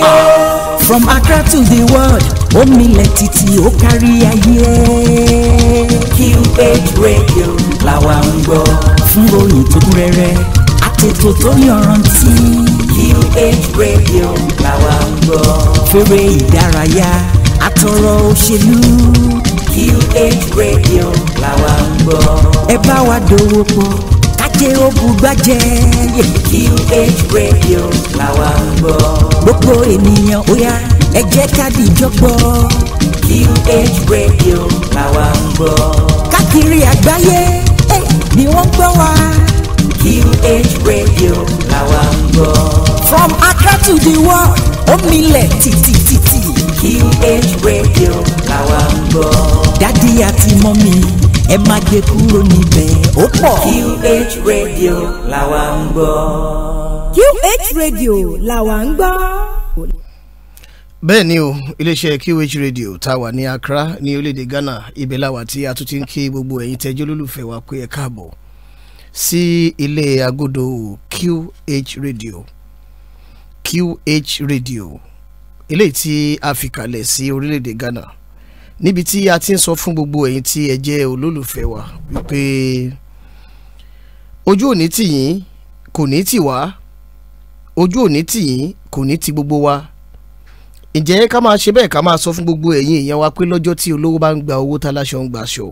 Ah. From Accra to the world, omilẹ̀ títí ó kárí ayé. QH Radio làwa ń gbọ́. Fún ròyìn tó kún rẹ́rẹ́, àtètò tó yọrantí. QH Radio làwa ń gbọ́. Fèrè ìdárayá, àtọ̀rọ̀ òṣèlú. QH Radio làwa ń gbọ́. Ẹ bá wa dòwò pọ̀ ajé ó bugbájẹ́. QH radio làwa ń bọ̀. gbogbo ènìyàn ó yá ẹ jẹ́ ká dìjọ́ gbọ́. QH radio làwa ń bọ̀. káàkiri àgbáyé eh, ni wọ́n gbọ́ wa. QH radio làwa ń bọ̀. from Accra to the world ó milẹ̀ tìtìtìtì. QH radio làwa ń bọ̀. dádì àti mọ́mí ẹ má gbé kúrò níbẹ̀ ó pọ̀. QH radio làwa ń gbọ́. QH radio làwa ń gbọ́. bẹ́ẹ̀ ni o iléeṣẹ́ QH radio tá a wà ní Accra ní orílẹ̀-èdè Ghana ibẹ̀ làwà tí a tún ti ń kí gbogbo ẹ̀yin tẹ́jú olólùfẹ́ wa pé ẹ káàbọ̀ sí ilé agodo QH radio QH radio eléyìí tí a fi kalẹ̀ sí orílẹ̀-èdè Ghana níbi tí a ti ń sọ fún gbogbo ẹ̀yin tí ẹ jẹ́ olólùfẹ́ wa wípé ojú òní tì yín kò ní tì wá ojú òní tì yín kò ní ti gbogbo wa ǹjẹ́ ká máa ṣe bẹ́ẹ̀ ká máa sọ fún gbogbo ẹ̀yin èèyàn wa pé lọ́jọ́ tí olówó bá ń gba owó táláṣọ ń gbàṣọ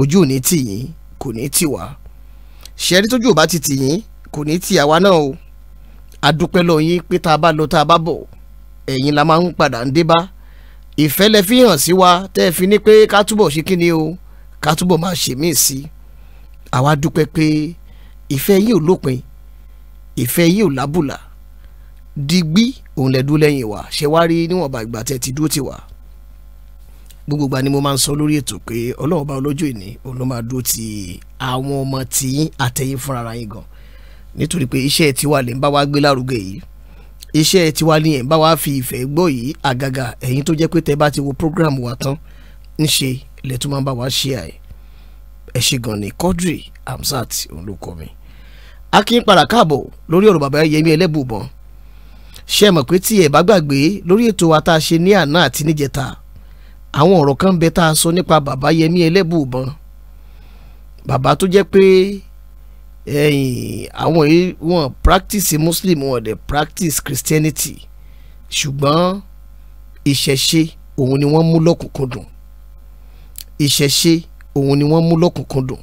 ojú òní tì yín kò ní tì wá ṣẹ́rí tójú ò bá ti tì yín kò ní tì àwa náà o adúpẹ́ lọ yín pé tá a bá lọ tá a bá bọ̀ ẹ̀yin la máa ń padà ń dé bá ìfẹ́ lẹ fi hàn sí wa tẹ́ ẹ fi ní pé ká túbọ̀ ṣe kí ni o ká túbọ̀ máa ṣe míì sí i àwa dúpẹ́ pé ìfẹ́ yìí ò lópin ìfẹ́ yìí ò lábùlà digbí òun lẹ lẹ́yìn wa ṣe wá rí níwọ̀nba ìgbà tẹ́ ti dúró tì wá gbogbo ìgbà ni mo máa ń sọ lórí ètò pé ọlọ́run bá ọlọ́jọ́ ìní òun ló máa dúró ti àwọn ọmọ tìyín àtẹ̀yìn fúnra ara yín gan nítorí pé iṣẹ́ tiwa lè ń bá wa gbé lárugẹ yìí iṣẹ́ tiwa ni ẹ̀ ń bá wa fi ìfẹ́ gbọ́ yìí àgàgà ẹ̀yin tó jẹ́ pé tẹ́ bá ti wo program wa tán ńṣe lẹ́ tún máa ń bá wa ṣe àyè ẹ̀ ṣe gan ni Quadri Hamzat òun ló kọ́ mi. akin padà káàbọ̀ lórí ọ̀rọ̀ bàbá Yẹmí Ẹlẹ́bùbọn ṣe mọ̀ pé tí ẹ̀ bá gbàgbé lórí ètò wa tá a ṣe ní àná àti níjẹta àwọn ọ̀rọ̀ kan bẹ tá a sọ nípa bàbá Yẹmí Ẹlẹ́bùbọn bàbá tó jẹ́ pé ẹ̀yìn àwọn yìí wọ́n practice muslim wọ́n dẹ̀ practice christianity ṣùgbọ́n ìṣẹ̀ṣe òun ni wọ́n mú lọ́kùnkúndùn ìṣẹ̀ṣe òun ni wọ́n mú lọ́kùnkúndùn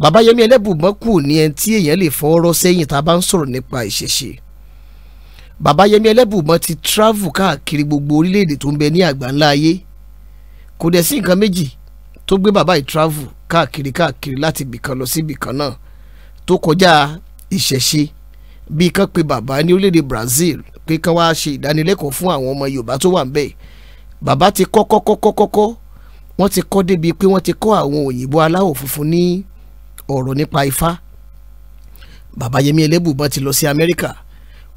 bàbá Yẹmí Ẹlẹ́bùbọ́n kù ní ẹni tí èèyàn lè fọwọ́rọ́ sẹ́yìn tá a bá ń sọ̀rọ̀ nípa ìṣẹ̀ṣe bàbá Yẹmí ti travel káàkiri gbogbo orílẹ̀-èdè tó ń bẹ ní àgbáńlá ayé kò dẹ̀ sí nǹkan méjì tó gbé bàbá yìí travel káàkiri káàkiri láti ibìkan lọ sí ibìkan náà tó kọjá ìṣẹ̀ṣe bíi kan pe bàbá ní orílẹ̀-èdè Brazil pé kán wá ṣe ìdánilẹ́kọ̀ọ́ fún àwọn ọmọ Yorùbá tó wà ń bẹ̀ bàbá ti kọ́ kọ́ kọ́ kọ́ kọ́ kọ́ wọ́n ti kọ́ débi pé wọ́n ti kọ́ àwọn òyìnbó aláwọ̀ funfun ní ọ̀rọ̀ nípa Ifá bàbá Yẹmí Ẹlẹ́bùbọn ti lọ sí Amẹ́ríkà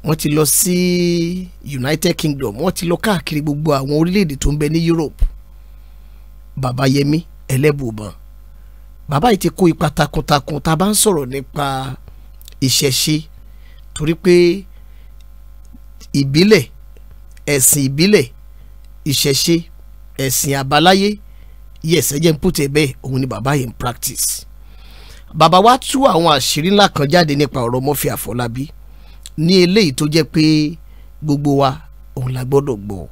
wọ́n ti lọ sí United Kingdom wọ́n ti lọ káàkiri gbogbo àwọn orílẹ̀-èdè tó ń bẹ ní Europe bàbá Yẹmí Ẹlẹ́bùbọn bàbá yìí ti kó ipa takuntakun tá a bá ń sọ̀rọ̀ nípa ìṣẹ̀ṣe torí pé ìbílẹ̀ ẹ̀sìn ìbílẹ̀ ìṣẹ̀ṣe ẹ̀sìn àbáláyé yes ẹ̀jẹ̀ ń pùtẹ̀ bẹ́ẹ̀ òun ni bàbá yìí ń practice bàbá wa tú àwọn àṣírí ńlá kan jáde nípa ọ̀rọ̀ Murphy Àfọlábí ní eléyìí tó jẹ́ pé gbogbo wa òun la gbọ́dọ̀ gbọ́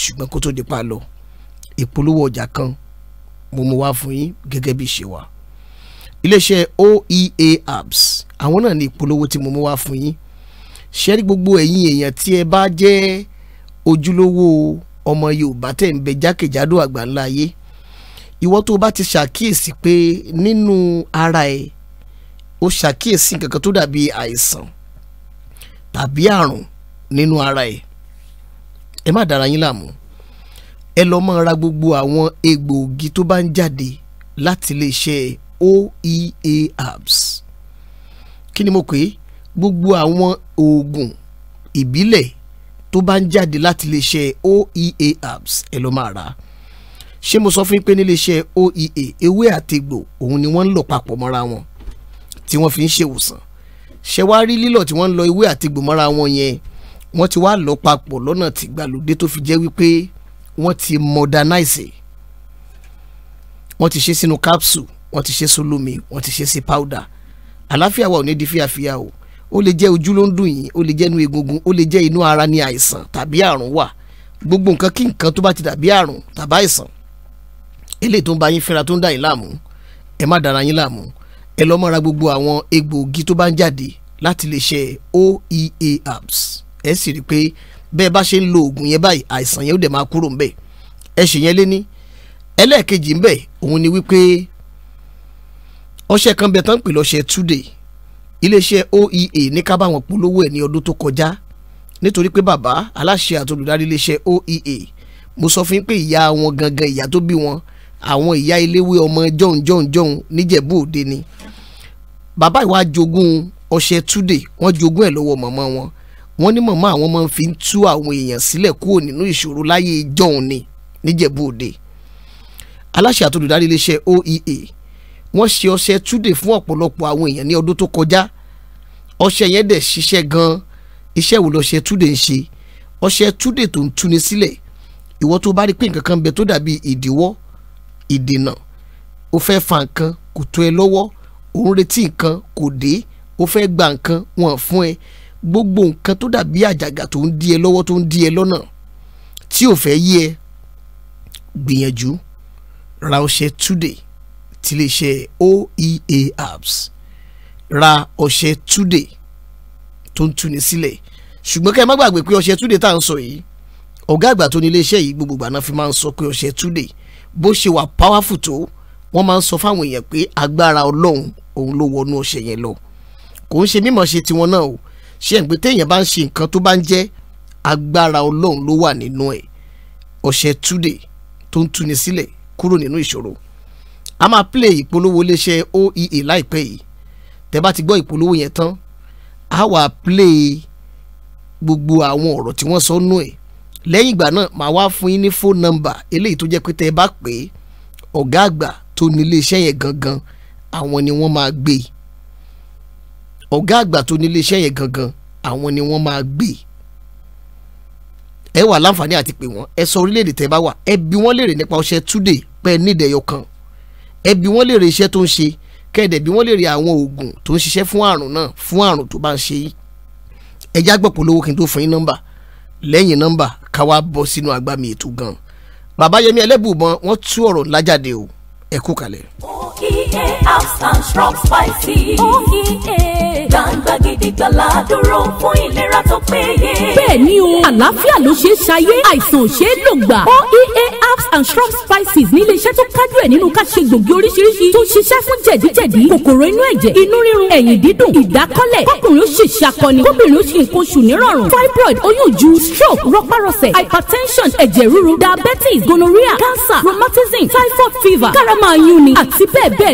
ṣùgbọ́n kó tó di pa lọ ìpolówó ọjà kan mo mú wá fún yín gẹ́gẹ́ bí ṣe wà iléeṣẹ́ oea apps àwọn náà ní ìpolówó tí mo mú wá fún yín ṣẹ́rí gbogbo ẹ̀yin èèyàn tí ẹ bá jẹ́ ojúlówó ọmọ yorùbá tẹ̀ ń bẹ jákèjádò àgbáńlá ayé ìwọ tó bá ti ṣàkíyèsí pé nínú ara ẹ ó ṣàkíyèsí nǹkan tó dàbí àìsàn tàbí àrùn nínú ara ẹ ẹ má dára yín láàmú ẹ lọ máa ra gbogbo àwọn egbòogi tó bá ń jáde láti iléeṣẹ́ OEA herbs kí ni mo pè é gbogbo àwọn oògùn ìbílẹ̀ tó bá ń jáde láti iléeṣẹ́ OEA herbs ẹ lọ máa rà á ṣé mo sọ fún yín pé níléeṣẹ́ OEA ewé àtegbò òun ni wọ́n ń lò papọ̀ mọ́ra wọn tí wọ́n fi ń ṣèwòsàn ṣe wá rí lílọ̀ tí wọ́n ń lọ ewé àtegbò mọ́ra wọn yẹn wọ́n ti wá lọ papọ̀ lọ́nà tìgbàlódé tó fi jẹ́ wípé wọ́n ti modernize e. wọ́n ti ṣe sínú capsule wọ́n ti ṣe sólómi wọ́n ti ṣe sí powder àlàáfíà wa ò ní di fíàfíà o ó lè jẹ́ ojú ló ń dùn yín ó lè jẹ́ inú egungun ó lè jẹ́ inú ara ní àìsàn tàbí àrùn wà gbogbo nǹkan kí nǹkan tó bá ti dàbí àrùn tàbí àìsàn eléyìí tó ń ba yín fínra tó ń dà yín láàmú ẹ má dára yín láàmú ẹ lọ́ mọ́ra gbogbo àwọn egbòogi tó bá ń jáde láti lè ṣe oea apps ẹ sì rí i pé bẹ́ẹ̀ bá ṣe ń lo oògùn yẹn báyìí àìsàn yẹn ó dẹ̀ máa kúrò ńbẹ̀ ẹ ṣe yẹn lé ní ẹlẹ́ẹ̀kejì ńbẹ̀ òun ni wípé ọṣẹ kan bẹ tán pè lọ́ṣẹ Today iléeṣẹ́ OEA ní ká báwọn polówó ẹ̀ ní ọdún tó kọjá nítorí pé bàbá aláṣẹ àti olùdarí iléeṣẹ́ OEA mo sọ fún yín pé ìyá wọn gangan ìyá tó bí wọn àwọn ìyá iléwé ọmọ jọ̀hún jọ̀hún jọ̀hún níjẹ̀bú òde ni bàbá ìwà jogún ọṣẹ Today wọ́n jogún ẹ̀ lọ́wọ́ mọ̀mọ́ wọn wọ́n ní màmá àwọn máa ń fi tú àwọn èèyàn sílẹ̀ kúrò nínú ìṣòro láyé ìjọun ni níjẹ̀bú òde aláṣẹ àtolùdarí iléeṣẹ́ oea wọ́n ṣe ọṣẹ túdè fún ọ̀pọ̀lọpọ̀ àwọn èèyàn ní ọdún tó kọjá ọṣẹ yẹn dẹ̀ ṣiṣẹ́ gan-an iṣẹ́ wo lọ́ṣẹ túdè ń ṣe ọṣẹ túdè tó ń túni sílẹ̀ ìwọ tó bá rí pé nǹkan kan bẹ tó dàbí ìdíwọ́ ìdènà ó fẹ́ fa nǹkan kò tó ẹ lọ́wọ́ òun retí nǹkan kò dé ó fẹ́ gba nǹkan wọn fún ẹ gbogbo nǹkan tó dàbí àjàgà tó ń di ẹ lọ́wọ́ tó ń di ẹ lọ́nà tí ò fẹ́ yí ẹ gbìyànjú ra ọṣẹ today tiléeṣẹ́ oea apps ra ọṣẹ today tó ń tuni sílẹ̀ ṣùgbọ́n ká ẹ má gbàgbé pé ọṣẹ today tá à ń sọ yìí ọ̀gá àgbà tó ní iléeṣẹ́ yìí gbogbo ìgbà náà fi máa ń sọ pé ọṣẹ today bó ṣe wà powerful tó wọ́n máa ń sọ fáwọn èèyàn pé agbára ọlọ́run òun ló wọnú ọṣẹ yẹn lọ kò ń ṣe mímọ̀ ṣe tiwọn náà o ṣe ń pé téèyàn bá ń ṣe nǹkan tó bá ń jẹ́ agbára ọlọ́run ló wà nínú ẹ̀ ọ̀sẹ̀ túdè tó ń túni sílẹ̀ kúrò nínú ìṣòro a máa play ìpolówó iléeṣẹ́ oea láìpẹ́ yìí tẹ́ bá ti gbọ́ ìpolówó yẹn tán a wà play gbogbo àwọn ọ̀rọ̀ tí wọ́n sọ nú ẹ̀ lẹ́yìn ìgbà náà màá wá fún yín ní phone number eléyìí tó jẹ́ pé tẹ́ bá pè é ọ̀gá àgbà tó ní iléeṣẹ́ yẹn gangan àwọn ni wọ́n máa gbé e ọ̀gá àgbà tó nílé iṣẹ́ yẹn gangan àwọn ni wọ́n máa gbé ẹ wà láǹfààní àti pè wọ́n ẹ sọ orílẹ̀-èdè tẹ́ bá wà ẹ bi wọ́n léèrè nípa ọṣẹ túdè pẹ́ nídẹ̀ẹ́yọ kan ẹ bi wọ́n léèrè iṣẹ́ tó ń ṣe kẹ́ẹ̀dẹ̀ bí wọ́n léèrè àwọn oògùn tó ń ṣiṣẹ́ fún àrùn náà fún àrùn tó bá ń ṣe yìí ẹ já gbọ́ polówó kí n tó fún yín nọ́mbà lẹ́yìn nọ́mbà ká wá bọ́ sínú agbámi ètò gan bàbá yẹmi ẹlẹ́bùbọn wọ́n tú ọ̀rọ̀ lájáde o ẹ kú kalẹ̀ oye herbs and shrub spices. oye. gbangba gidigbala dúró fún ilera tó péye. bẹ́ẹ̀ni o àlàáfíà ló ṣe é ṣayé àìsàn ò ṣe é lò oea herbs and shrub spices ní iléeṣẹ́ tó kájú ẹ̀ nínú ká ṣe gbòógì oríṣiríṣi tó ṣiṣẹ́ fún jẹ̀díjẹ̀dí kòkòrò inú ẹ̀jẹ̀ inú rírun ẹ̀yìn dídùn ìdákọ́lẹ̀ kọkùnrin ó ṣe ṣàkọni kóbìnrin ó ṣe nǹkan oṣù nírọ̀rùn fibroid oyún ju stroke rọpárọsẹ̀ hypertension ẹ̀jẹ̀ ríru diabetes gonorrhea cancer rheumatism typhoid fever karama yunni àti bẹ́ẹ̀ bẹ́ẹ̀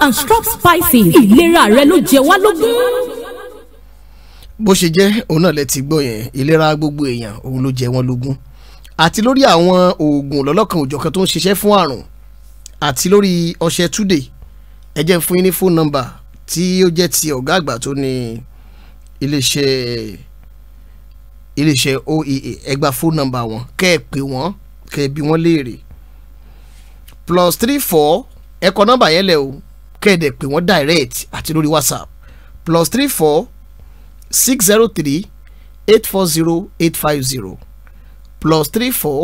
and strong spices ìlera rẹ ló jẹ wá lógún. bó ṣe jẹ́ òun náà lẹ ti gbọ́ yẹn ìlera gbogbo èèyàn òun ló jẹ wọ́n lógún àti lórí àwọn oògùn lọ́lọ́kan òjọ̀kan tó ń ṣiṣẹ́ fún àrùn àti lórí ọṣẹ túdè ẹ jẹ́ fún yín ní fóònù nọ́mbà tí ó jẹ́ ti ọ̀gá àgbà tó ní iléeṣẹ́ iléeṣẹ́ oea ẹ fóònù nọ́mbà wọn kẹ́ ẹ pè wọ́n kẹ́ ẹ bí wọ́n léèrè plus three four ẹ kọ nọ́mbà yẹn lẹ̀ o kẹ́ẹ̀dẹ̀ pè wọ́n direct àti lórí whatsapp plus three four six zero three eight four zero eight five zero plus three four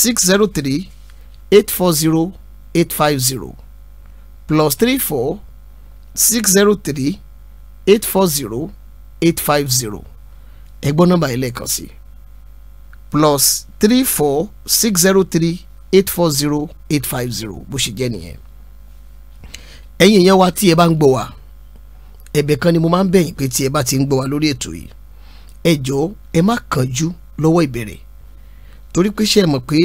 six zero three eight four zero eight five zero plus three four six zero three eight four zero eight five zero ẹgbọ́n nọ́mbà yìí sí plus three four six zero three eight four zero eight five zero bó ṣe jẹ́ nìyẹn ẹ̀yin èèyàn wa tí ẹ bá ń gbọ́ wa ẹ̀bẹ̀ kan ni mo máa ń bẹ̀yìn pé tí ẹ bá ti ń gbọ́ wa lórí ètò yìí ẹ jọ̀ọ́ ẹ má kánjú lọ́wọ́ ìbẹ̀rẹ̀ torí pé ṣe mọ̀ pé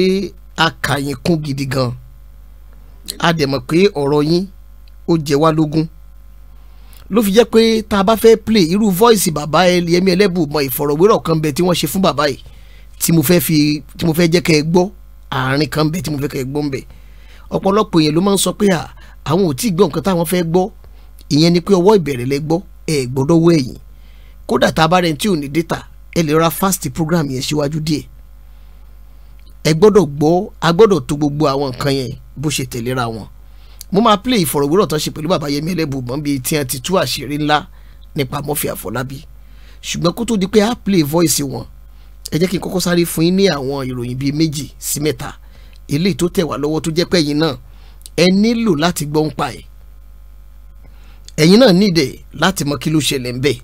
a kà yín kún gidi gan a dẹ̀ mọ̀ pé ọ̀rọ̀ yín ó jẹ wá lógún ló fi jẹ́ pé tá a bá fẹ́ play irú voice bàbá Yẹmí Ẹlẹ́bùmọ́ ìfọ̀rọ̀wérọ̀ kan bẹ tí wọ́n ṣe fún bàbá yìí tí mo fẹ́ fi tí mo fẹ́ jẹ́ kẹ́ ẹ gbọ́ àárín kan bẹ tí mo fẹ́ kẹ́ ẹ gbọ́ ń bẹ ọ̀pọ̀lọpọ̀ yẹn ló máa ń sọ pé à àwọn ò tí ì gbọ́ nǹkan táwọn fẹ́ gbọ́ ìyẹn ni pé ọwọ́ ìbẹ̀rẹ̀ lẹ gbọ́ ẹ gbọ́dọ̀ wọ ẹ̀yìn kódà tá a bá rẹ̀ tí ò ní data ẹ lè ra fast program yẹn síwájú díẹ̀ ẹ gbọ́dọ̀ gbọ́ a gbọ́dọ̀ tó gbogbo àwọn nǹkan yẹn bó ṣe tẹ̀léra wọn mo máa play ìfọ̀rọ̀wérọ̀ tán ṣe pẹ̀lú bàbá yẹmi ẹlẹ́bùbọ̀n bíi tí wọ́n ti tú àṣírí ńlá nípa Murphy Àfọlábí ṣùgbọ́n kó tó di pé a play voice wọn ẹ jẹ́ kí n kọ́kọ́ sáré fún yín ní àwọn ìròyìn bíi méjì sí mẹ́ta eléyìí tó tẹ̀ wá lọ́wọ́ tó jẹ́ pẹ́yìn náà ẹ nílò láti gbọ́ ń pa ẹ̀ ẹ̀yin náà nídẹ̀ láti mọ kí ló ṣẹlẹ̀ ń bẹ̀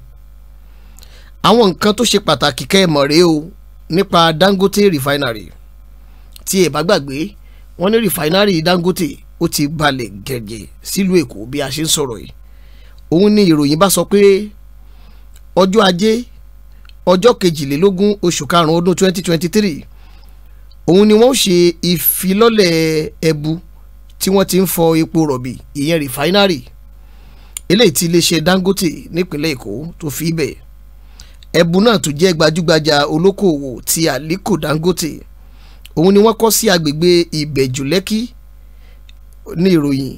àwọn nǹkan tó ṣe pàtàkì kẹ́ ẹ mọ̀ rèé o nípa Dangote refinery tí ẹ bá gbàgbé wọ́n ní refinery Dangote ó ti balẹ̀ gẹ̀gẹ̀ sílùú Èkó bí a ṣe ń sọ̀rọ̀ yìí òun ni ìròyìn bá sọ pé ọjọ́ ajé ọjọ́ kejìlélógún oṣù karùn-ún ọdún twenty twenty three òun ni wọ́n ṣe ìfilọ́lẹ̀ ẹbu e tí wọ́n ti ń fọ epo rọ̀bì ìyẹn rìfáínárì eléyìí tí iléeṣẹ́ Dangote nípínlẹ̀ Èkó tó fi bẹ̀ ẹ̀bùn náà tó jẹ́ gbajúgbajà olókoòwò ti Aliko Dangote òun ni wọ́n kọ́ sí agbègbè Ìbẹ̀jú Lẹ́kì ní ìròyìn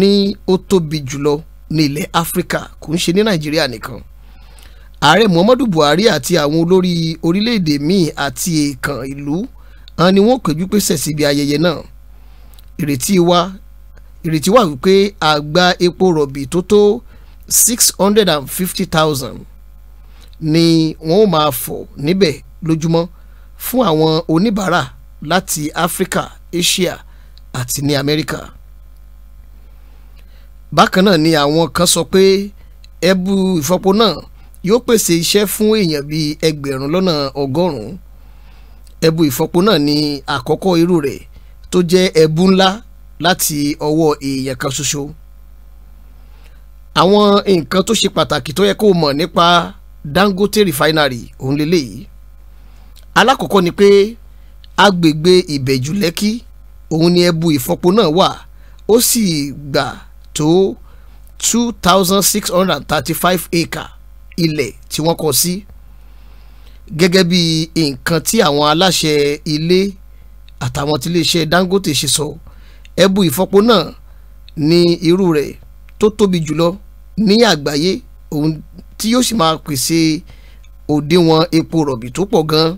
ní ó tóbi jùlọ ní ilẹ̀ Áfíríkà kò ń ṣe ní Nàìjíríà nìkan ààrẹ Muhammadu Buhari àti àwọn olórí orílẹ̀-èdè míì àti èèkàn ìlú hàn ni wọ́n péjú pésẹ̀ síbi ayẹyẹ náà ìrètí wa ìrètí wa wípé a gba epo rọ̀bì tó tó six hundred and fifty thousand ni wọ́n ó máa fọ̀ níbẹ̀ lójúmọ́ fún àwọn oníbàárà láti Áfíríkà Asia àti ní Amẹ́ríkà bákan náà ni àwọn kan sọ pé ẹbu ìfọpo náà yóò pèsè iṣẹ́ fún èèyàn bíi ẹgbẹ̀rún lọ́nà ọgọ́rùn-ún ẹbu ìfọpo náà ni àkọ́kọ́ irú rẹ̀ tó jẹ́ ẹ̀bùn ńlá láti ọwọ́ èèyàn kan ṣoṣo àwọn nǹkan tó ṣe pàtàkì tó yẹ kó mọ̀ nípa Dangote refinery òun lélẹ́yìí alákọ̀ọ́kọ́ ni pé agbègbè ìbẹ̀jú lẹ́kí òun ni ẹbu ìfọpo náà wà ó sì gbà tó two thousand six hundred and thirty-five acre ilẹ̀ tí wọ́n kọ sí gẹ́gẹ́ bí nǹkan tí àwọn aláṣẹ ilé àtàwọn tí iléeṣẹ́ Dangote ṣe sọ ẹ̀bù ìfọpo náà ní irú rẹ̀ tó tóbi jùlọ ní àgbáyé ohun tí yóò sì máa pèsè òdiwọ̀n epo rọ̀bì tó pọ̀ gan-an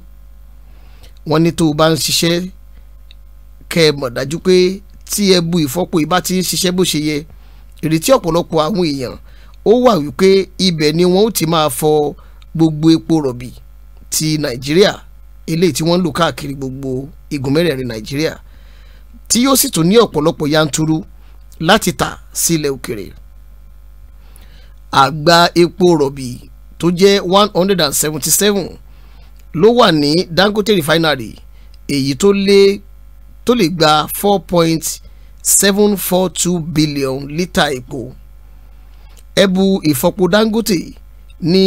wọ́n ní tó o bá ń ṣiṣẹ́ kẹ́ ẹ mọ̀ dájú pé tí ẹbu ìfọpo ìbá ti ń ṣiṣẹ́ bó ṣe yẹ ìrètí ọ̀pọ̀lọpọ̀ àwọn èèyàn ó wà wípé ibẹ̀ ni wọ́n ó ti máa fọ gbogbo epo rọ̀bì ti Nàìjíríà eléyìí tí wọ́n ń lò káàkiri gbogbo igun mẹ́rẹ̀ẹ̀rin nàìjíríà tí yóò sì tún ní ọ̀pọ̀lọpọ̀ yanturu láti tà sí òkèrè àgbá epo rọ̀bì tó jẹ́ one hundred and seventy seven ló wà ní Dangote refinery èyí tó lé tó lè gba four point seven four two billion lítà epo ẹbu ìfọpo Dangote ní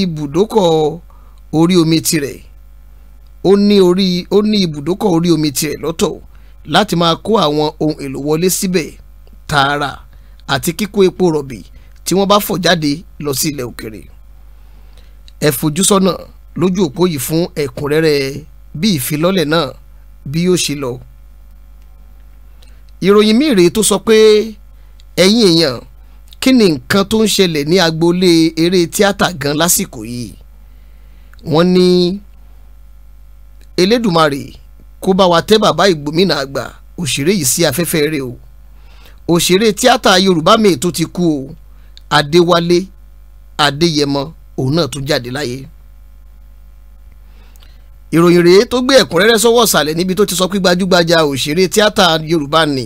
ibùdókọ̀ orí omi tirẹ̀ ó ní orí ó ní ibùdókọ̀ orí omi tiẹ̀ lọ́tọ̀ láti máa kó àwọn ohun èlò wọlé síbẹ̀ tààrà àti kíkó epo rọ̀bì tí wọ́n bá fọ̀ jáde lọ sí ilẹ̀ òkèrè ẹ fojú sọ́nà lójú òpó yìí fún ẹ̀kúnrẹ́rẹ́ bí ìfilọ́lẹ̀ náà bí yóò ṣe lọ. ìròyìn míì tó sọ pé ẹ̀yin èèyàn kí ni nǹkan tó ń ṣẹlẹ̀ ní agboolé eré tíátà gan lásìkò yìí wọ́n ní. Ni Elédùmarè kó bá wa tẹ́ bàbá ìgbòmínà àgbà òṣèré yìí sí afẹ́fẹ́ rẹ̀ o òṣèré tíátà Yorùbá mi tó ti kú o Adéwálé Adéyẹmọ òun náà tún jáde láyé ìròyìn rèé tó gbé ẹ̀kúnrẹ́rẹ́ sọ́wọ́ ọ̀sàlẹ̀ níbi tó ti sọ pé gbajúgbajà òṣèré tíátà Yorùbá ni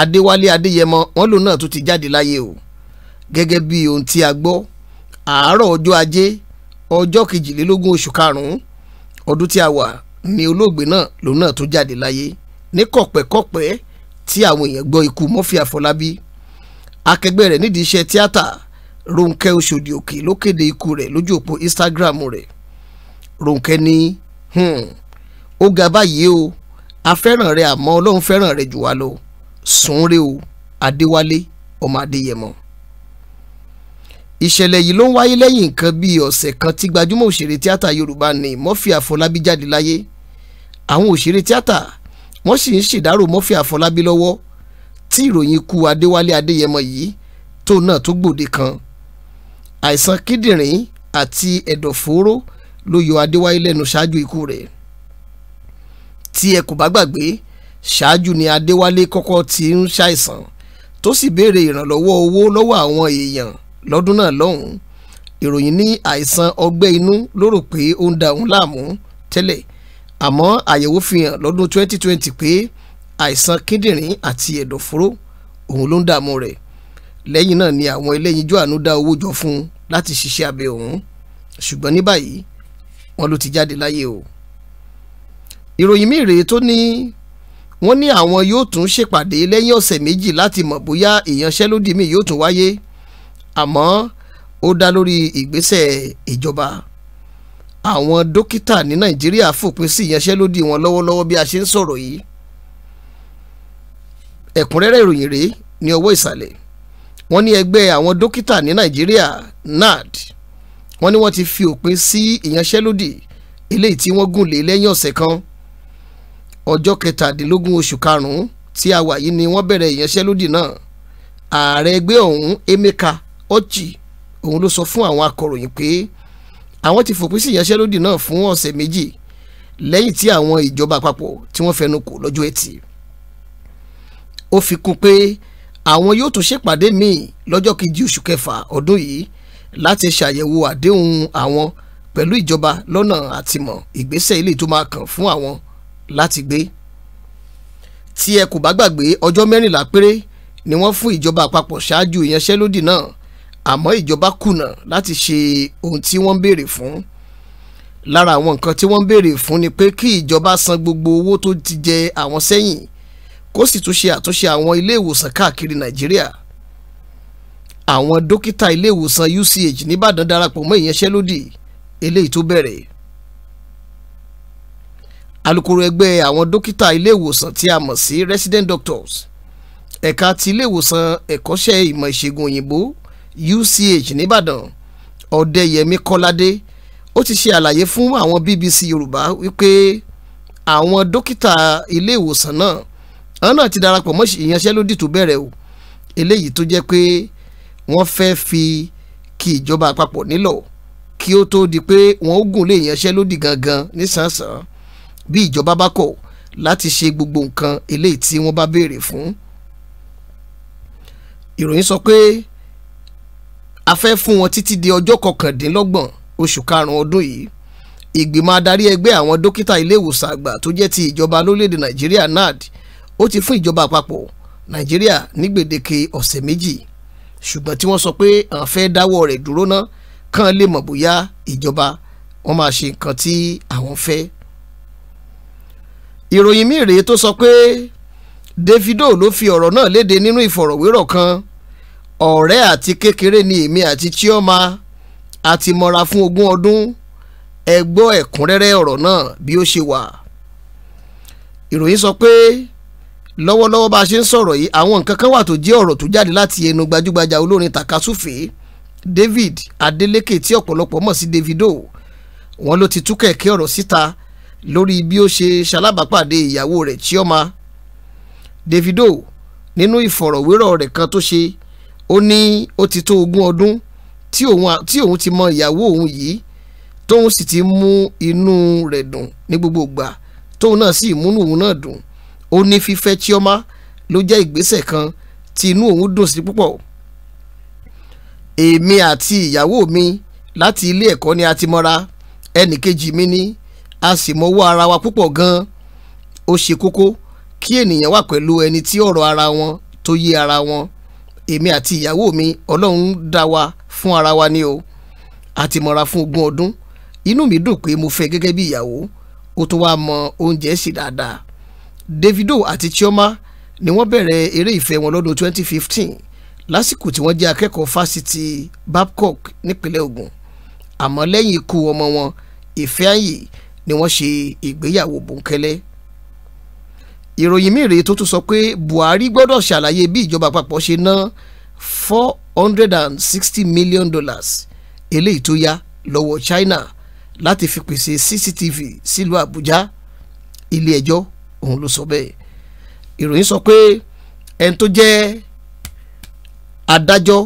Adéwálé Adéyẹmọ wọn lòun náà tún ti jáde láyé o gẹ́gẹ́ bí ohun tí a gbọ́ àárọ̀ ọjọ́ ajé ọjọ́ kejìlélógún oṣù karùn-ún ọdún tí a wà ní olóògbé náà lòun náà tó jáde láyé ní kọ̀pẹ́kọ̀pẹ́ tí àwọn èèyàn gbọ́ ikú Murphy Àfọlábí akẹgbẹ́ rẹ̀ nídìí iṣẹ́ tíátà Ronke Oṣòdì Òkè ló kéde ikú rẹ̀ lójú òpó Instagram rẹ̀ Ronke ní hmm, ó ga báyìí o a fẹ́ràn rẹ àmọ́ Ọlọ́run fẹ́ràn rẹ jù wá lọ sùn re o Adéwálé ọmọ Adéyẹmọ ìṣẹ̀lẹ̀ yìí ló ń wáyé lẹ́yìn nǹkan bíi ọ̀sẹ̀ kan tí gbajúmọ̀ òṣèré tíátà Yorùbá ni Murphy Àfọlábí jáde láyé àwọn òṣèré tíátà wọ́n sì ń ṣèdárò Murphy Àfọlábí lọ́wọ́ tí ìròyìn ikú Adéwálé Adéyẹmọ yìí tó náà tó gbòde kan àìsàn kíndìnrín àti ẹ̀dọ̀fóró ló yọ Adéwálé lẹ́nu ṣáájú ikú rẹ̀ tí ẹ kò bá gbàgbé ṣáájú ni Adéwálé kọ́kọ́ ti ń ṣàìsàn tó sì béèrè ìrànlọ́wọ́ owó lọ́wọ́ àwọn èèyàn lọ́dún náà lọ́hùn-ún ìròyìn ní àìsàn ọgbẹ́ inú ló rò pé ó ń da òun láàmú tẹ́lẹ̀ àmọ́ àyẹ̀wò fi hàn lọ́dún 2020 pé àìsàn kíndìnrín àti ẹ̀dọ̀fóró òun ló ń dààmú rẹ̀ lẹ́yìn náà ni àwọn ẹlẹ́yinjú àánú dá owó jọ fún un láti ṣiṣẹ́ abẹ òun ṣùgbọ́n ní báyìí wọ́n ló ti jáde láyé o. ìròyìn míì rèé tó ní wọ́n ní àwọn yóò tún ṣèpàdé lẹ́yìn ọ̀sẹ̀ méjì láti mọ̀ bóyá ìyanṣẹ́lódì míì yóò tún wáyé àmọ́ ó dá lórí ìgbésẹ̀ ìjọba àwọn dókítà ní nàìjíríà fòpin sí ìyanṣẹ́lódì wọn lọ́wọ́lọ́wọ́ bí a ṣe ń sọ̀rọ̀ yìí ẹ̀kúnrẹ́rẹ́ ìròyìn rèé ní ọwọ́ ìsàlẹ̀ wọ́n ní ẹgbẹ́ àwọn dókítà ní nàìjíríà NAD wọ́n ní wọ́n ti fi òpin sí ìyanṣẹ́lódì eléyìí tí wọ́n gùn lé lẹ́yìn ọ̀sẹ̀ kan ọjọ́ kẹtàdínlógún oṣù karùn-ún tí a wà yìí ni wọ́n bẹ̀rẹ̀ ìyanṣẹ́lódì náà ààrẹ ẹgbẹ́ ọ̀hún Emeka Orji òun ló sọ fún àwọn akọ̀ròyìn pé àwọn ti fòpin sí ìyanṣẹ́lódì náà fún ọ̀sẹ̀ méjì lẹ́yìn tí àwọn ìjọba àpapọ̀ tí wọ́n fẹnu kò lọ́jọ́ ẹtì ó fi kún pé àwọn yóò tún ṣèpàdé míì lọ́jọ́ kejì oṣù kẹfà ọdún yìí láti ṣàyẹ̀wò àdéhùn àwọn pẹ̀lú ìjọba lọ́nà àtìmọ̀ ìgbésẹ̀ ilé tó máa kàn fún àwọn láti gbé tí ẹ kò bá gbàgbé ọjọ́ mẹ́rìnlá péré ni wọ́n fún ìjọba àpapọ̀ ṣáájú ìyanṣẹ́lódì náà àmọ́ ìjọba kùnà láti ṣe ohun tí wọ́n ń béèrè fún lára àwọn nǹkan tí wọ́n ń béèrè fún ni pé kí ìjọba san gbogbo owó tó ti jẹ àwọn sẹ́yìn kó sì tún ṣe àtúnṣe àwọn ilé ìwòsàn káàkiri Nàìjíríà àwọn dókítà ilé ìwòsàn UCH nìbàdàn darapọ̀ mọ́ ìyanṣẹ́lódì eléyìí tó bẹ̀rẹ̀ alukoro ẹgbẹ́ àwọn dókítà ilé ìwòsàn tí a mọ̀ sí resident doctors ẹ̀ka ti ilé ìwòsàn ẹ̀kọ́ṣẹ́ ìmọ̀ ìṣègùn òyìnbó UCH nìbàdàn ọ̀dẹ́yẹmí kọ́ládé ó ti ṣe àlàyé fún àwọn BBC yorùbá wípé àwọn dókítà ilé ìwòsàn náà àwọn náà ti darapọ̀ mọ́ ìyanṣẹ́lódì tó bẹ̀rẹ̀ o eléyìí tó jẹ́ pé wọ́n fẹ́ fi kí ìjọba àpapọ̀ nílọ̀ kí ó tó di pé wọ́n ó gùn lé ìyanṣẹ́lódì gangan nísànsàn bí ìjọba bá kọ̀ láti ṣe gbogbo nǹkan eléyìí tí wọ́n bá béèrè fún. ìròyìn sọ pé a fẹ́ fún wọn títí di ọjọ́ kọkàndínlọ́gbọ̀n oṣù karùn-ún ọdún yìí ìgbìmọ̀ adarí ẹgbẹ́ àwọn dókítà iléèwòsàn àgbà tó jẹ́ ti ìjọba lórílẹ̀‐èdè nàìjíríà nad ó ti fún ìjọba àpapọ̀ nàìjíríà ní gbèdéke ọ̀sẹ̀ méjì ṣùgbọ́n tí wọ́n sọ pé àwọn fẹ́ dáwọ́ rẹ̀ dúró ná kàn lè mọ̀ bóyá ìjọba wọ́n máa ṣe nǹkan tí àwọn fẹ́. ìròyìn míì rèé tó sọ pé Davido ló fi ọ̀rọ̀ náà léde nínú ìfọ̀rọ̀wérọ̀ kan ọ̀rẹ́ àti kékeré ni èmi àti Chioma a ti mọra fún ogún ọdún ẹ gbọ́ ẹ̀kúnrẹ́rẹ́ ọ̀rọ̀ náà bí ó ṣe wà. ìròyìn sọ pé lọ́wọ́lọ́wọ́ bá a ṣe ń sọ̀rọ̀ yìí àwọn nǹkan kan wà tó jẹ́ ọ̀rọ̀ tó jáde láti ẹnu gbajúgbajà olórin takasúfè David Adeleke tí ọ̀pọ̀lọpọ̀ mọ̀ sí Davido wọn ló ti tú kẹ̀kẹ́ ọ̀rọ̀ síta lórí bí ó ṣe ṣalábàápàdé ìyàwó rẹ̀ Chioma Davido nínú ìfọ̀rọ̀wérọ̀ rẹ̀ kan tó ṣe ó ní ó ti tó ogún ọdún tí òun ti mọ ìyàwó òun yìí tóun sì ti mú inú rẹ̀ dùn ní gbogbo ìgbà tóun náà sì múnú òun náà dùn ó ní fífẹ́ Chioma ló jẹ́ ìgbésẹ̀ kan tí inú òun dùn sí púpọ̀ èmi àti ìyàwó mi láti ilé ẹ̀kọ́ ni a ti mọ́ra ẹnì kejì mi ni a sì mọwọ́ ara wa púpọ̀ gan-an ó ṣe kókó kí ènìyàn wà pẹ̀lú ẹni tí ọ̀rọ̀ ara wọn tó yé ara wọn èmi àti ìyàwó mi ọlọ́run dá wa fún ara wa ni o a ti mọ̀ra fún ogún ọdún inú mi dùn pé mo fẹ́ gẹ́gẹ́ bí ìyàwó ó tún wá mọ oúnjẹ sí dáadáa Davido àti Chioma ni wọ́n bẹ̀rẹ̀ eré ìfẹ́ wọn lọ́dún 2015 lásìkò tí wọ́n jẹ́ akẹ́kọ̀ọ́ fásitì Babcock nípínlẹ̀ Ògùn àmọ́ lẹ́yìn ikú ọmọ wọn Ifeanyi ni wọ́n ṣe ìgbéyàwó bòńkẹ́lẹ́ ìròyìn mi rèé tó tún sọ pé Buhari gbọ́dọ̀ ṣàlàyé bí ìjọba àpapọ̀ ṣe ná four hundred and sixty million dollars eléyìí tó yá lọ́wọ́ China láti fi pèsè CCTV sílùú Àbújá ilé ẹjọ́ òun ló sọ bẹ́ẹ̀ ìròyìn sọ pé ẹni tó jẹ́ adájọ́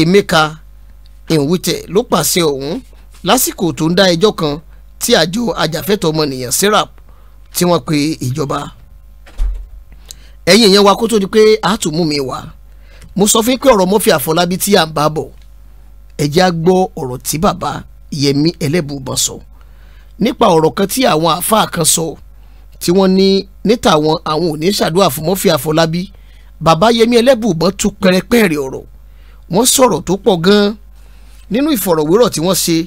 Emeka Nwite ló pàṣẹ ọ̀hún lásìkò tó ń dá ẹjọ́ kan tí àjọ ajàfẹ́tọ̀ọ́ ọmọnìyàn SERAP tí wọ́n pe ìjọba ẹ̀yìn yẹn wa kó tó di pé àtúmú mi wá mo sọ fún pé ọ̀rọ̀ Murphy Àfọlábí tí à ń bá bọ̀ ẹ jẹ́ á gbọ́ ọ̀rọ̀ tí bàbá Yẹmí Ẹlẹ́bùbọn sọ nípa ọ̀rọ̀ kan tí àwọn àáfàá kan sọ tí wọ́n ní níta àwọn àwọn ò ní ṣàdúrà fún Murphy Àfọlábí bàbá Yẹmí Ẹlẹ́bùbọn tú pẹrẹpẹrẹ ọ̀rọ̀ wọ́n sọ̀rọ̀ tó pọ̀ gan-an nínú ìfọ̀rọ̀wérọ̀ tí wọ́n ṣe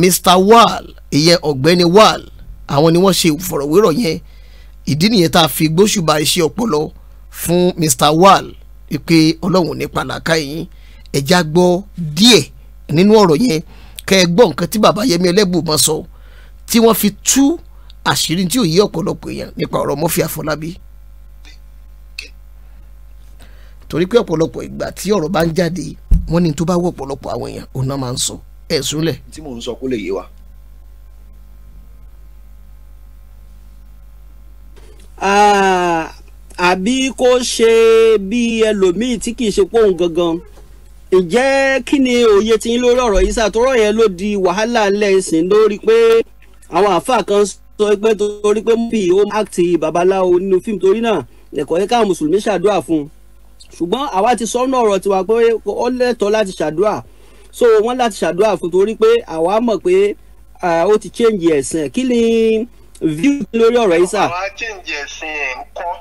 Mr. Wall, ìyẹn ọ̀gbẹ́ni Wall àwọn ni wọ́n ṣe ìfọ̀rọ̀wérọ̀ yẹn ìdí nìyẹn tá a fi gbóṣùbà iṣẹ́ ọpọlọ fún Mr. Wall pé ọlọ́run ní pàlàkà yìí ẹ̀já gbọ́ díẹ̀ nínú ọ̀rọ̀ yẹn kẹ́ ẹ gbọ́ nǹkan tí bàbá Yẹmí Ẹlẹ́bùmọ́ sọ tí wọ́n fi tú àṣírí tí ò yé ọ̀pọ̀lọpọ̀ èèyàn nípa ọ̀rọ̀ Murphy Àfọlábí torí pé ọ̀pọ̀lọpọ̀ ìgbà tí ọ̀rọ̀ bá ń jáde wọ́n ní tó bá wọ̀ ọ̀pọ̀lọpọ̀ àwọn èèyàn òun náà máa ń sọ ẹ̀ súnlẹ̀. tí mò ń sọ kó lè yé wa Ah, àbí kó ṣe bí ẹlòmíì tí kì í ṣe póun gangan ǹjẹ́ kí ni òye tí ń lórí ọ̀rọ̀ yìí sàtọ́rọ̀ yẹn ló di wàhálà ńlẹ̀ ìsìn lórí pé àwọn àáfàá kan sọ pé torí pé mọ́bì ó máa ti babaláwo nínú fíìmù torí náà ẹ̀kọ́ yẹ káwọn mùsùlùmí ṣàdúrà fún ṣùgbọ́n àwa ti sọ́nà ọ̀rọ̀ tiwa pé ó lẹ́tọ̀ọ́ láti ṣàdúrà so wọ́n láti ṣàdúrà fún torí pé àwa mọ̀ pé ah, ó ti change ẹ̀sìn kí ni view lórí ọ̀rọ̀ yìí sà. àwọn change ẹ̀sìn ẹ̀ ń kọ́.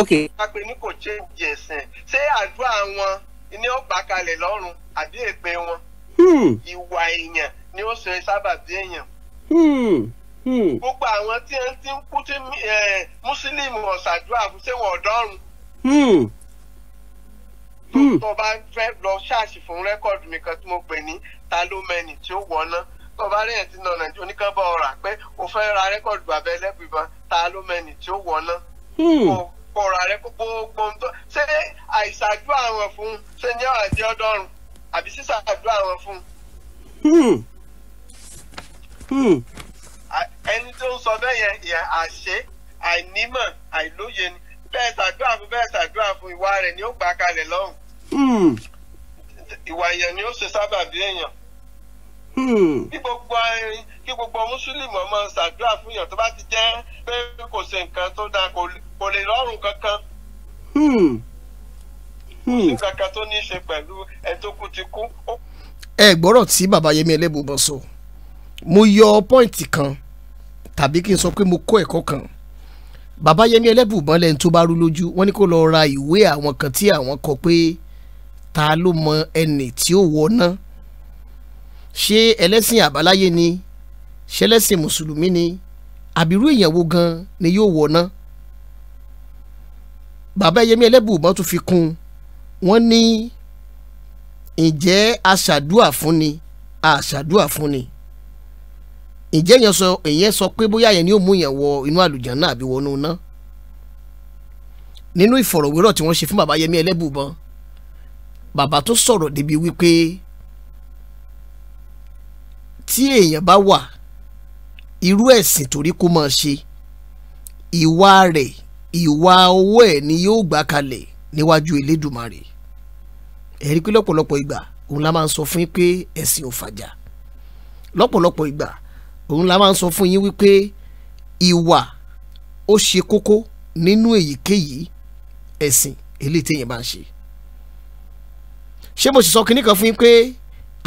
ok. àpè ní kò change ẹ̀sìn ṣé àdúrà wọn ni ó gbà kalẹ̀ lọ́rùn àbí èpè wọn. Hmm. ìwà èèyàn ni ó sọ sábà bí èèyàn. Hmm. Hmm. gbogbo àwọn tí ń ti ń kú tí mùsùlùmí ọ̀sàdúrà fún ṣé wọn ọ̀dọ́run tó bá fẹ́ lọ ṣáàṣì fún rẹ́kọ̀dù mi kan tí mo pè ní ta tí ó wọ̀ náà tọba rẹ̀ ti nà nàìjíríà oníkàbọ̀ ọ̀rà pé o fẹ́ ra rẹ́kọ̀dù bàbá ẹlẹ́gbìbọn ta ló mẹ́ni tí ó wọ̀ náà. Hmm. kò ra rẹ gbogbo ń tọ́ ṣé àìsàdúrà àwọn fún un ṣe ní ọ̀rọ̀ àti àbí sísàdúrà àwọn fún un. Hmm. Hmm. ẹni tó ń sọ bẹ́ẹ̀ yẹn àṣé àìnímọ̀ àìlóye ni bẹ́ẹ̀ ṣàdúrà fún bẹ́ẹ̀ ṣàdúrà fún ìwà rẹ̀ ni ó gbà kalẹ̀ lọ́hùn. ìwà èèyàn ni ó ṣe sábàbí èèyàn. Hmm. kí gbogbo kí gbogbo mùsùlùmí ọmọ ṣàdúrà fún yàn tó bá ti jẹ́ pé kò ṣe nǹkan tó dáa kò lè lọ́rùn kankan hmm. hmm. nǹkan tó ní í ṣe pẹ̀lú ẹni ti kú. ẹ gbọ́rọ̀ tí bàbá Yẹmí Ẹlẹ́bùbọn sọ mo yọ pọ́ìntì kan tàbí kí n sọ pé mo kó ẹ̀kọ́ kan bàbá Yẹmí Ẹlẹ́bùbọn lẹ́ni tó bá rú lójú wọ́n ní kó lọ ra ìwé àwọn kan tí àwọn kọ pé ta ló mọ ẹni tí ó wọ náà ṣé ẹlẹ́sìn àbáláyé ni ṣẹlẹ́sìn mùsùlùmí ni àbírú èèyàn wo gan ni yóò wọ̀ ná. bàbá Yẹmí Ẹlẹ́bùìbọn tún fi kún wọ́n ní ǹjẹ́ aṣàdúà fún ni aṣàdúà fún ni ǹjẹ́ yẹn sọ èyẹn sọ pé bóyá yẹn ni ó mú yẹn wọ inú àlùjánnà àbí wọnú ná nínú ìfọ̀rọ̀wérọ̀ tí wọ́n ṣe fún bàbá Yẹmí Ẹlẹ́bùìbọn bàbá tó sọ̀rọ̀ débi wípé tí èèyàn bá wà irú ẹ̀sìn torí kó máa ṣe ìwà rẹ̀ ìwà ọwọ́ ẹ̀ ni yóò gbà kalẹ̀ níwájú Elédùmarè ẹ̀rí pé lọ́pọ̀lọpọ̀ ìgbà òun la máa ń sọ fún yín pé ẹ̀sìn ò fàjà lọ́pọ̀lọpọ̀ ìgbà òun la máa ń sọ fún yín wípé ìwà ó ṣe kókó nínú èyíkéyìí ẹ̀sìn eléyìí téèyàn bá ń ṣe ṣé mo sì sọ kinní kan fún yín pé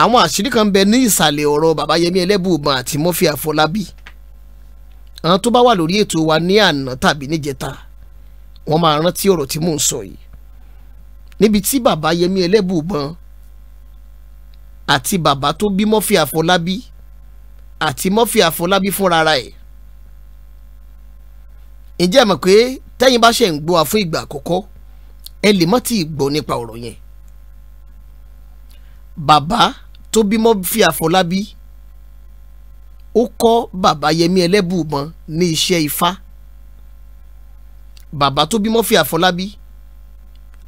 àwọn àṣírí kan bẹ ní ìsàlẹ̀ ọ̀rọ̀ babayẹmi ẹlẹ́bùbọn àti mọ́fì àfọlábí àwọn tó bá wà lórí ètò wa ní àná tàbí níjẹta wọ́n máa rántí ọ̀rọ̀ tí mò ń sọ yìí níbi tí babayẹmi ẹlẹ́bùbọn àti bàbá tó bí mọ́fì àfọlábí àti mọ́fì àfọlábí fúnra ara ẹ̀ ǹjẹ́ mọ̀ pé tẹ́yìn bá ṣe ń gbọ́ wa fún ìgbà àkọ́kọ́ ẹ lè mọ́ tí gbọ́ nípa ọ̀rọ̀ yẹn bàbá tó bímọ fi àfọlábí ó kọ́ bàbá yẹmí ẹlẹ́bùbọn ní iṣẹ́ ifá bàbá tó bímọ fi àfọlábí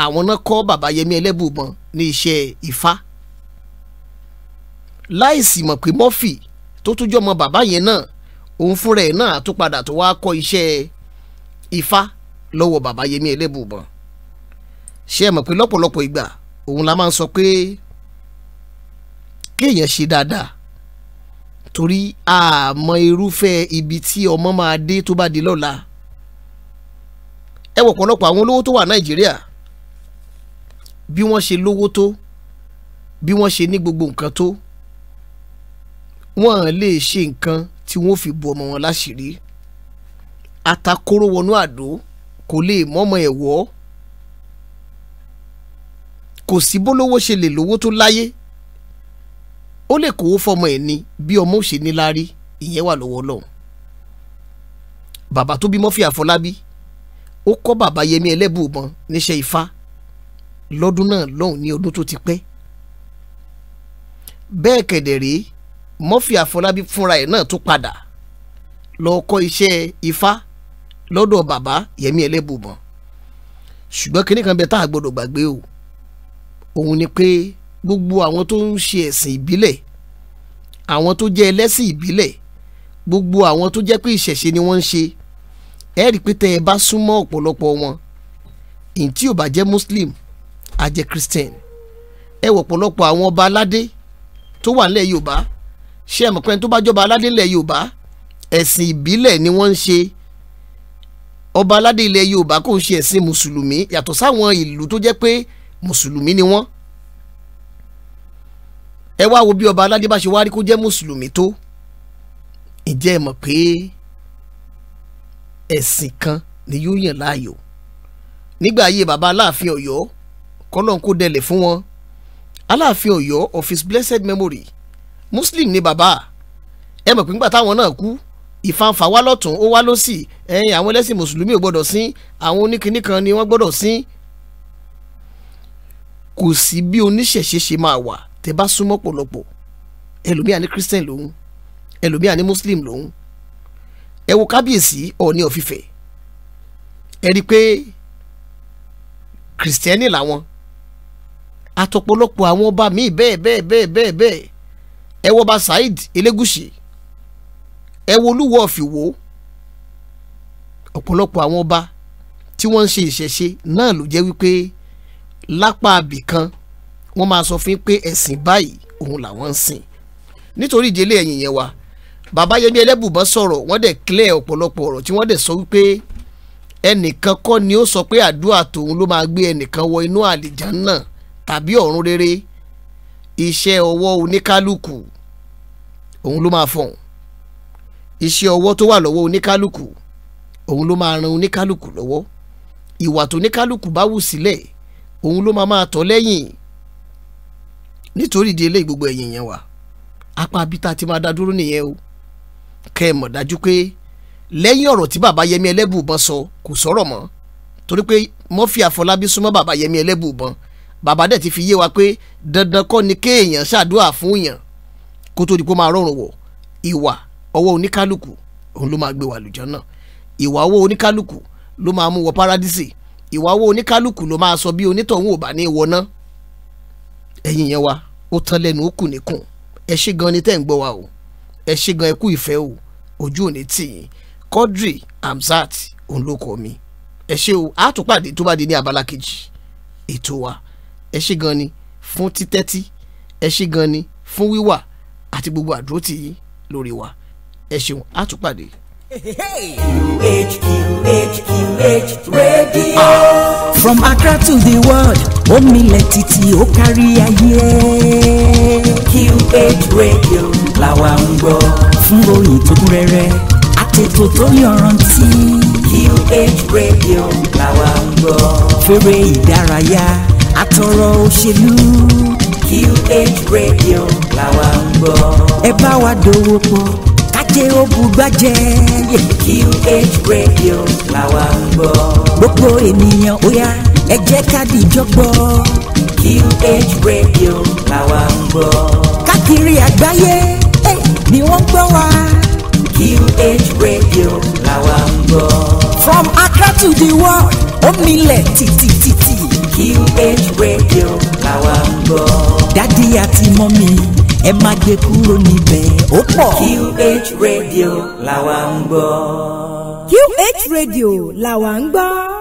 àwọn náà kọ́ bàbá yẹmí ẹlẹ́bùbọn ní iṣẹ́ ifá láìsí mọ̀ pé mọ́fì tó tún jọmọ bàbá yẹn náà òun fúnra ẹ̀ náà tó padà tó wá kọ́ iṣẹ́ ifá lọ́wọ́ bàbá yẹmí ẹlẹ́bùbọn ṣé ẹ mọ̀ pé lọ́pọ̀lọpọ̀ ìgbà òun la máa ń sọ pé kéèyàn ṣe dáadáa torí àmọ́ irúfẹ́ ibi tí ọmọ máa dé tó bá di lọ́la ẹ wọ̀ pọ̀lọpọ̀ àwọn olówó tó wà Nàìjíríà bí wọ́n ṣe lówó tó bí wọ́n ṣe ní gbogbo nǹkan tó wọ́n lè ṣe nǹkan tí wọ́n fi bu ọmọ wọn láṣìírí atakóró wọnú àdó kò lè mọ́mọ́ ẹ̀ kò sí bólówó ṣe lè lówó tó láyé ó lè kówó fọmọ ẹ̀ ni bí ọmọ ò ṣe ní láárí ìyẹn wà lọ́wọ́ ọlọ́run bàbá tó bí Murphy Àfọlábí ó kọ́ bàbá Yẹmí Ẹlẹ́bùbọn níṣẹ́ ifá lọ́dún náà lọ́hùn ní ọdún tó ti pẹ́ bẹ́ẹ̀ kẹ̀dẹ̀ rèé Murphy Àfọlábí fúnra ẹ̀ náà tó padà lọ kọ́ iṣẹ́ ifá lọ́dọ̀ bàbá Yẹmí Ẹlẹ́bùbọn ṣùgbọ́n kinní kan bẹ tá a gbọ́dọ̀ gbàgbé o òun ni pé gbogbo àwọn tó ń ṣe ẹ̀sìn ìbílẹ̀ àwọn tó jẹ́ ẹlẹ́sìn ìbílẹ̀ gbogbo àwọn tó jẹ́ pé ìṣẹ̀ṣe ni wọ́n ń ṣe ẹ rí i pé tẹ́ ẹ bá súnmọ́ ọ̀pọ̀lọpọ̀ wọn ìn tí ò bá jẹ́ muslim á jẹ́ christian ẹ wọ̀ ọ̀pọ̀lọpọ̀ àwọn ọba aládé tó wà nílẹ̀ yorùbá ṣé ẹ mọ̀ pé tó bá jọba aládé nílẹ̀ yorùbá ẹ̀sìn ìbílẹ̀ ni wọ́n ń ṣe ọba aládé ilẹ̀ yorùbá kò ń ṣe ẹ̀sìn mùsùlùmí yàtọ̀ sáwọn ìlú tó jẹ́ pé mùsùlùmí ni wọ́n ẹ wá wo bí ọba aládé bá ṣe wá rí kó jẹ́ mùsùlùmí tó ǹjẹ́ ẹ mọ̀ pé ẹ̀sìn kan ni yóò yàn láàyò nígbà ayé baba aláàfin ọ̀yọ́ kọlọ́n kó dẹlẹ̀ fún wọn aláàfin ọ̀yọ́ of his blessed memory muslim ni baba ẹ mọ̀ pé nígbà táwọn náà kú ìfanfà wá lọ́tún ó wá lọ́sì ẹ̀yìn àwọn ẹlẹ́sìn mùsùlùmí ò gbọ́dọ̀ sín àwọn oníkíní kan ni wọ́n gbọ́dọ̀ sín kò sí bí oníṣẹ̀ṣe ṣe máa wà tẹ bá súnmọ́ pọ̀lọpọ̀ ẹlòmíà ní christian lòun ẹlòmíà ní muslim lòun ẹ wo kábíyèsí ọ̀ọ́ni ọ̀fìfẹ́ ẹ rí i pé kìrìsìtẹ́nì làwọn àtọ̀pọ̀lọpọ̀ àwọn ọba míì bẹ́ẹ̀ bẹ́ẹ̀ bẹ́ẹ̀ bẹ́ẹ̀ bẹ́ẹ̀ ẹ wo ọba saheed elégùsì ẹ wo olúwo ọ̀fìwò ọ̀pọ̀lọpọ̀ àwọn ọba tí wọ́n ń ṣe ìṣẹ̀ṣe náà ló jẹ́ wípé lápá abìkan wọ́n máa sọ fún pé ẹ̀sìn báyìí òun làwọn ń sìn nítorí ìdílé ẹ̀yìn yẹn wa bàbá Yẹmí Ẹlẹ́bùbọn sọ̀rọ̀ wọ́n dẹ̀ clear ọ̀pọ̀lọpọ̀ ọ̀rọ̀ tí wọ́n dẹ̀ sọ wípé ẹnìkan kọ́ ni ó sọ pé àdúrà tòun ló máa gbé ẹnìkan wọ inú àlìjánná tàbí ọ̀run rere iṣẹ́ ọwọ́ oníkálukú òun ló máa fọ̀hún iṣẹ́ ọwọ́ tó wà lọ́wọ́ oníkálukú òun ló máa ran oníkálukú lọ́wọ́ ìwà tó oníkálukú bá wù sílẹ̀ òun ló máa máa tọ́ lẹ́yìn nítorí ìdí eléyìí gbogbo ẹ̀yìn yẹn wà apá abita ti máa dá dúró nìyẹn o kẹ́ ẹ mọ̀ dájú pé lẹ́yìn ọ̀rọ̀ tí bàbá Yẹmí Ẹlẹ́bùbọn sọ kò sọ̀rọ̀ mọ́ torí pé Murphy Àfọlábí súnmọ́ bàbá Yẹmí Ẹlẹ́bùbọn bàbá dẹ̀ ti fi yé wa pé dandan kọ́ ni kéèyàn ṣàdúrà fún yàn kó tó di pé ó máa rọrùn wọ̀ ìwà ọwọ́ oníkálukú òun ló máa gbé wa lùjọ́ náà ìwà ọwọ́ oníkálukú ló máa mú wọ párádísì ìwà ọwọ́ oníkálukú ló máa sọ bí onítọ̀hún ò bá ní wọná ẹ̀yin yẹn wa ó tán lẹ́nu ó kù níkùn ẹ ṣé gan ni tẹ́ ń gbọ́ wa o ẹ ṣé gan ẹ ìfẹ́ o ojú ò tì yín Quadri Hamzat òun mi ẹ ṣé o àtúpàdé tó bá di ní abala kejì ètò wa ẹ ṣé gan ni fún títẹ́tí ẹ ṣé gan ni fún wíwà àti gbogbo àdúrótì yín lórí wa ẹ ṣeun àtúpàdé. QH, QH, QH Radio. From Accra to the world, omilẹ̀ títí ó kárí aye. QH Radio làwa ń gbọ́. Fún oyin tó kún rẹ́rẹ́, àtètò tó yọrantí. QH Radio làwa ń gbọ́. Fèrè ìdárayá, àtọ̀rọ̀ òṣèlú. QH Radio làwa ń gbọ́. Ẹ bá wa dòwò pọ̀ jẹ́ ó bùgbàjẹ́. QH radio làwa ń gbọ́. gbogbo ènìyàn ó yá ẹ jẹ́ ká gbọ́. QH radio làwa ń gbọ́. káàkiri àgbáyé eh, ni wọ́n gbọ́ wa. QH radio làwa ń gbọ́. from Accra to the world ó titi titi. QH radio làwa ń gbọ́. dádì àti mọ́mí ẹ má gbé kúrò níbẹ̀ ó pọ̀. QH Radio làwa ń gbọ́. QH Radio làwa ń gbọ́.